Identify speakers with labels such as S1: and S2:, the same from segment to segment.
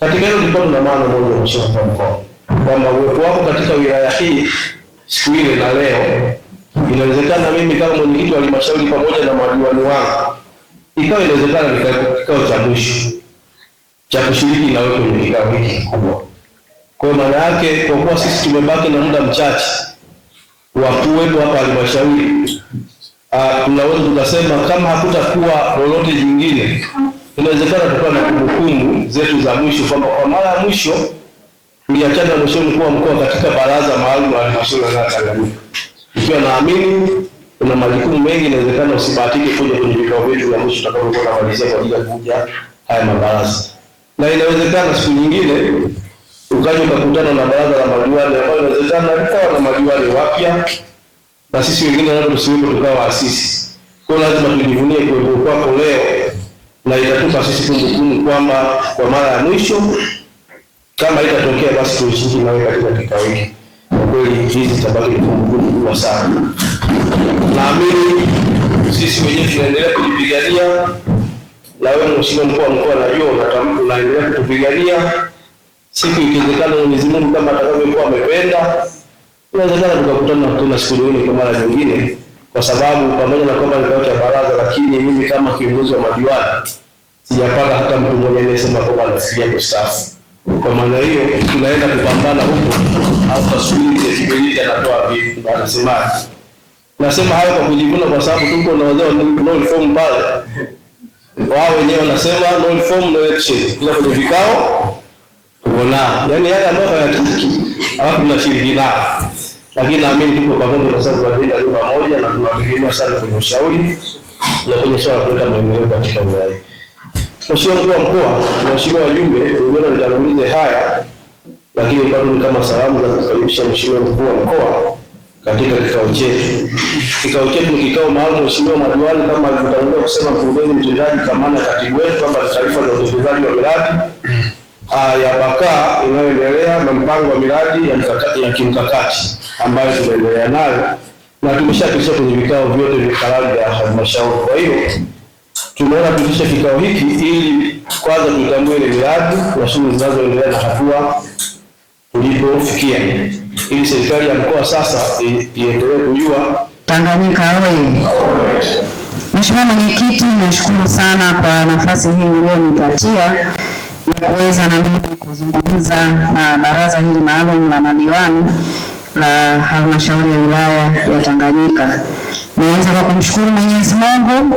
S1: Katika hilo tulikuwa tuna maana moja mshauri wa mkoa kwamba uwepo wako katika wilaya hii siku ile na leo, inawezekana mimi kama mwenyekiti wa halmashauri pamoja na madiwani wangu, ikawa inawezekana kikao cha mwisho cha kushiriki wewe kwenye kikao hiki kikubwa. Kwa maana yake, kwa kuwa sisi tumebaki na muda mchache, wa kuwepo hapa halmashauri, ah, tunaweza tukasema kama hakutakuwa lolote jingine Inawezekana tukawa na kumbukumbu zetu za mwisho kwamba kwa mara ya mwisho tuliachana na mheshimiwa mkuu wa mkoa katika baraza maalum la halmashauri ya Tanganyika, ikiwa naamini kuna majukumu mengi, inawezekana usibahatike kuja kwenye vikao vyetu vya mwisho tutakavyokuwa tunamalizia kwa ajili ya kuja haya mabaraza, na inawezekana siku nyingine ukaja ukakutana na baraza la madiwani ambayo inawezekana likawa na madiwani wapya na sisi wengine nao tusiwepo tukawa waasisi. Kwa lazima tujivunie kuwepo kwako leo na itatupa sisi kumbukumbu kwamba kwa mara ya mwisho, kama itatokea basi tuishiriki nawe katika kikao hiki. Kwa kweli hizi zitabaki ni kumbukumbu kubwa sana. Naamini sisi wenyewe tunaendelea kujipigania, na wewe mheshimiwa mkuu wa mkoa, najua unatamka unaendelea kutupigania. Siku ikiwezekana, Mwenyezi Mungu kama atakavyokuwa amependa, inawezekana tukakutana tena siku nyingine kwa mara nyingine kwa sababu pamoja na kwamba nikaota baraza, lakini mimi kama kiongozi wa madiwani sijapata hata mtu mmoja anayesema kwamba anafikiria kustaafu. Kwa maana hiyo tunaenda kupambana huko, au taswira ya kibeliji anatoa vipi? Anasema nasema hayo kwa kujivuna, kwa sababu tuko na wazee wa no reform pale, wao wenyewe wanasema no reform no election, kila kwenye vikao tuko tuonao, yani yale ambayo hayatiki, alafu tunashiriki nao yaani lakini naamini tuko pamoja kwa sababu ajenda ni pamoja na tunawakilima sana kwenye ushauri na kwenye swala kuleta maendeleo katika wilaya. Mheshimiwa mkuu wa mkoa, mheshimiwa wajumbe, wengine nitangulize haya, lakini bado ni kama salamu za kukaribisha mheshimiwa mkuu wa mkoa katika kikao chetu. Kikao chetu ni kikao maalum, mheshimiwa madiwani, kama alivyotangulia kusema mkurugenzi mtendaji, kamana katibu wetu, kwamba taarifa za utekelezaji wa miradi uh, ya Bakaa inayoendelea na mpango wa miradi ya mkakati ya kimkakati ambayo tunaendelea nayo na tumeshapitisha kwenye vikao vyote vya karani ya halmashauri. Kwa hiyo tumeona tuitishe kikao hiki ili kwanza tutambue ile miradi na shughuli zinazoendelea na hatua tulipofikia, ili serikali ya mkoa sasa iendelee kujua
S2: Tanganyika oye. Mheshimiwa Mwenyekiti, nashukuru sana kwa nafasi hii uliyonipatia na kuweza na mimi kuzungumza na baraza hili maalum la madiwani la halmashauri ya wilaya ya Tanganyika. Nianze kwa kumshukuru Mwenyezi Mungu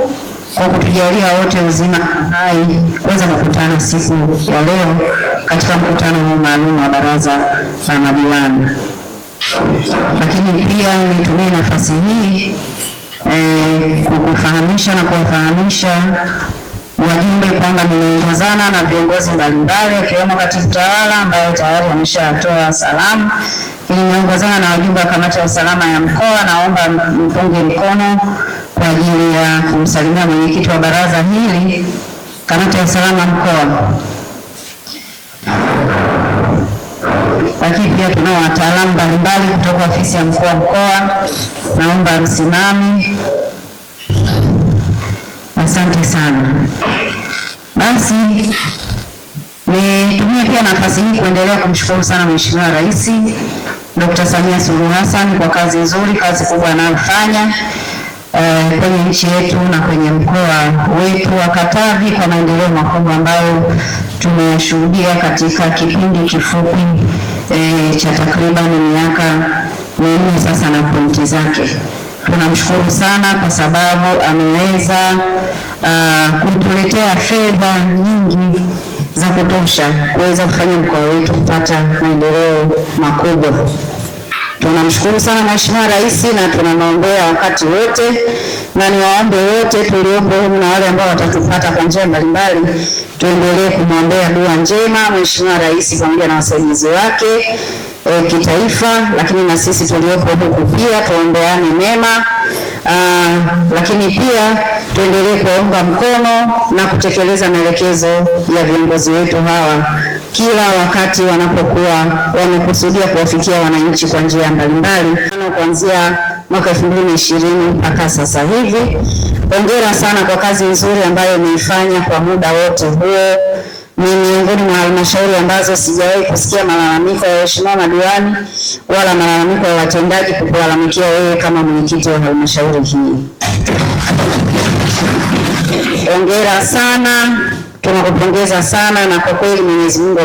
S2: kwa kutujalia wote uzima hai kuweza kukutana siku ya leo katika mkutano huu maalum wa baraza la madiwani, lakini pia nitumie nafasi hii eh, kukufahamisha na kuwafahamisha wajumbe kwamba nimeongozana na viongozi mbalimbali wakiwemo katibu tawala ambao tayari wameshatoa salamu. Nimeongozana na wajumbe wa kamati ya usalama ya mkoa, naomba mpunge mkono kwa ajili ya kumsalimia mwenyekiti wa baraza hili, kamati ya usalama mkoa. Lakini pia tunao wataalamu mbalimbali kutoka ofisi ya mkuu wa mkoa, naomba msimami Asante sana. Basi nitumie pia nafasi hii kuendelea kumshukuru sana Mheshimiwa Rais Dr. Samia Suluhu Hassan kwa kazi nzuri, kazi kubwa anayofanya Uh, kwenye nchi yetu na kwenye mkoa wetu wa Katavi kwa maendeleo makubwa ambayo tumeyashuhudia katika kipindi kifupi eh, cha takriban miaka minne sasa na pointi zake tunamshukuru sana kwa sababu ameweza uh, kutuletea fedha nyingi za kutosha kuweza kufanya mkoa wetu kupata maendeleo makubwa. Tunamshukuru sana Mheshimiwa Rais na tunamwombea wakati wote, na niwaombe wote tuliopo humu na wale ambao watatupata kwa njia mbalimbali, tuendelee kumwombea dua njema Mheshimiwa Rais pamoja na wasaidizi wake e, kitaifa, lakini na sisi tuliopo huku pia tuombeane mema Uh, lakini pia tuendelee kuwaunga mkono na kutekeleza maelekezo ya viongozi wetu hawa kila wakati wanapokuwa wamekusudia kuwafikia wananchi kwa njia mbalimbali kuanzia mwaka 2020 mpaka sasa hivi. Hongera sana kwa kazi nzuri ambayo imeifanya kwa muda wote huo ni miongoni mwa halmashauri ambazo sijawahi kusikia malalamiko ya waheshimiwa madiwani wala malalamiko ya watendaji kukulalamikia wewe kama mwenyekiti wa halmashauri hii. Hongera sana, tunakupongeza sana na kwa kweli Mwenyezi Mungu